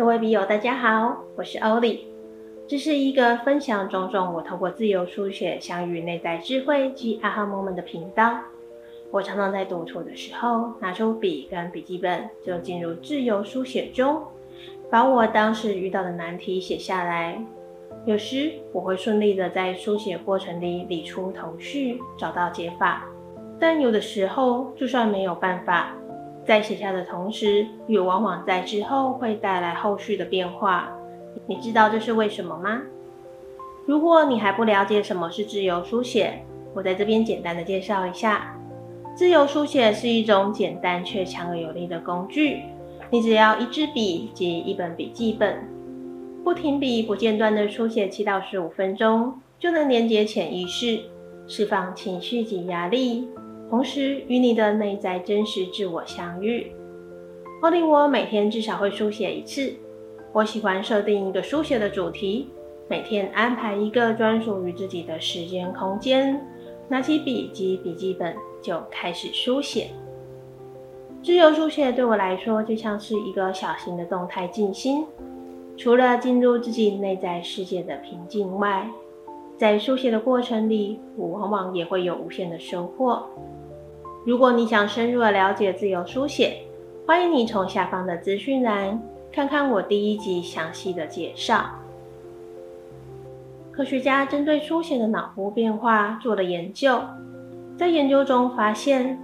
各位筆友，大家好，我是 Oli。這是一個分享種種我透過自由書寫相遇內在智慧及 Aha moment 的頻道。我常常在獨處的時候拿出筆跟筆記本，就進入自由書寫中，把我當時遇到的難題寫下來。有時我會順利的在書寫過程裡理出頭緒，找到解法。但有的時候，就算沒有辦法，在寫下的同時，也往往在之後會帶來後續的變化。你知道這是為什麼嗎？如果你還不了解什麼是自由書寫，我在這邊簡單的介紹一下。自由書寫是一種簡單卻強而有力的工具。你只要一支筆及一本筆記本，不停筆、不間斷的書寫七到十五分鐘，就能連接潛意識，釋放情緒及壓力。同時與你的內在真實自我相遇。我令我每天至少會書寫一次，我喜歡設定一個書寫的主題，每天安排一個專屬於自己的時間空間，拿起筆及筆記本就開始書寫。自由書寫對我來說就像是一個小型的動態靜心。除了進入自己內在世界的平靜外，在書寫的過程裡，我往往也會有無限的收穫。如果你想深入的了解自由書寫，歡迎你從下方的資訊欄看看我第一集詳細的介紹。科學家針對書寫的腦波變化做了研究，在研究中發現，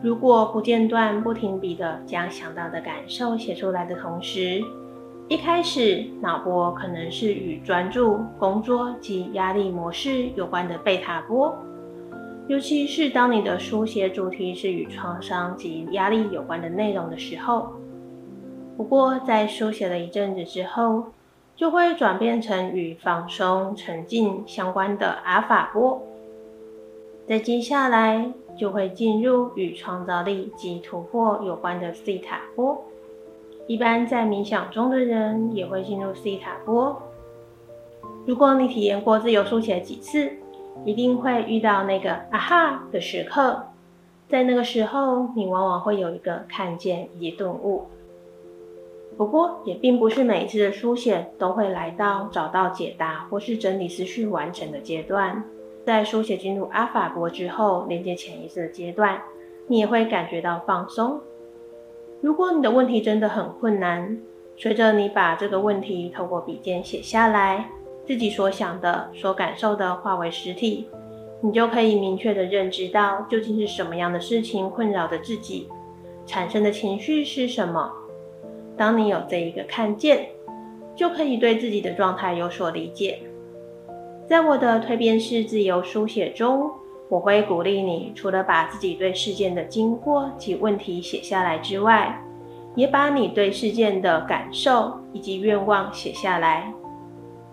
如果不間斷不停筆的將想到的感受寫出來的同時，一開始腦波可能是與專注、工作及壓力模式有關的貝塔波。尤其是當你的書寫主題是與創傷及壓力有關的內容的時候，不過在書寫了一陣子之後，就會轉變成與放鬆、沉浸相關的阿爾法波，再接下來就會進入與創造力及突破有關的希塔波。一般在冥想中的人也會進入希塔波。如果你體驗過自由書寫幾次，一定會遇到那個啊哈的時刻，在那個時候，你往往會有一個看見以及頓悟。不過，也並不是每一次的書寫都會來到找到解答或是整理思緒完成的階段。在書寫進入阿爾法波之後，連接潛意識的階段，你也會感覺到放鬆。如果你的問題真的很困難，隨着你把這個問題透過筆尖寫下來。自己所想的、所感受的化為實體，你就可以明確的認知到究竟是什麼樣的事情困擾着自己，產生的情緒是什麼。當你有這一個看見，就可以對自己的狀態有所理解。在我的蛻變式自由書寫中，我會鼓勵你，除了把自己對事件的經過及問題寫下來之外，也把你對事件的感受以及願望寫下來。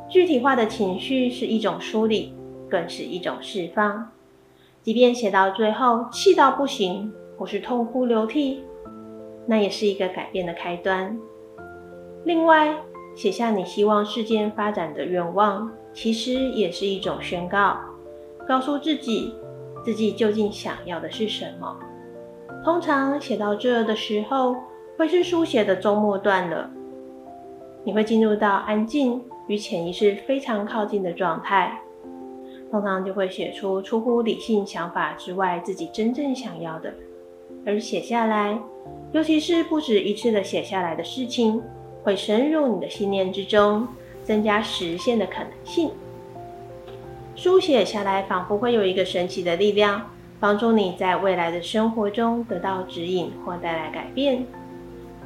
具體化的情緒是一種梳理，更是一種釋放。即便寫到最後氣到不行，或是痛哭流涕，那也是一個改變的開端。另外，寫下你希望事件發展的願望，其實也是一種宣告，告訴自己自己究竟想要的是什麼。通常寫到這的時候，會是書寫的中末段了，你會進入到安靜。與潛意識非常靠近的狀態，通常就會寫出出乎理性想法之外，自己真正想要的，而寫下來，尤其是不止一次的寫下來的事情，會深入你的信念之中，增加實現的可能性。書寫下來，仿佛會有一個神奇的力量，幫助你在未來的生活中得到指引或帶來改變。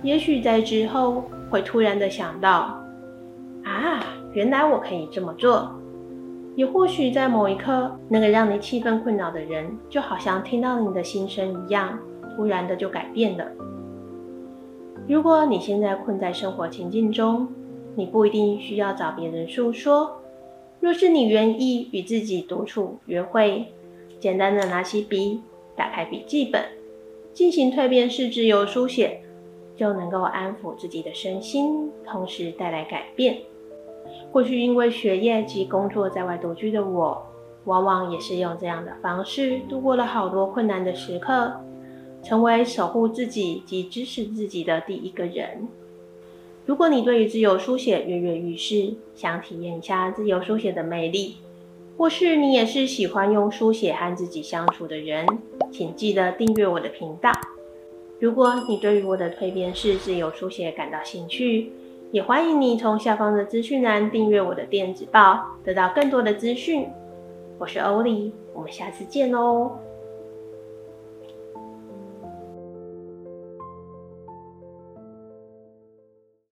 也許在之後會突然的想到。原來我可以這麼做。也或許在某一刻，那個讓你氣憤困擾的人，就好像聽到了你的心聲一樣，突然的就改變了。如果你現在困在生活情境中，你不一定需要找別人訴說。若是你願意與自己獨處約會，簡單的拿起筆，打開筆記本，進行蛻變式自由書寫，就能夠安撫自己的身心，同時帶來改變。或許因為學業及工作在外獨居的我，往往也是用這樣的方式度過了好多困難的時刻，成為守護自己及支持自己的第一個人。如果你對於自由書寫躍躍欲試，想體驗一下自由書寫的魅力，或是你也是喜歡用書寫和自己相處的人，請記得訂閱我的頻道。如果你對於我的蛻變式自由書寫感到興趣，也歡迎你從下方的資訊欄訂閱我的電子報，得到更多的資訊。我是 Oli，我們下次見哦。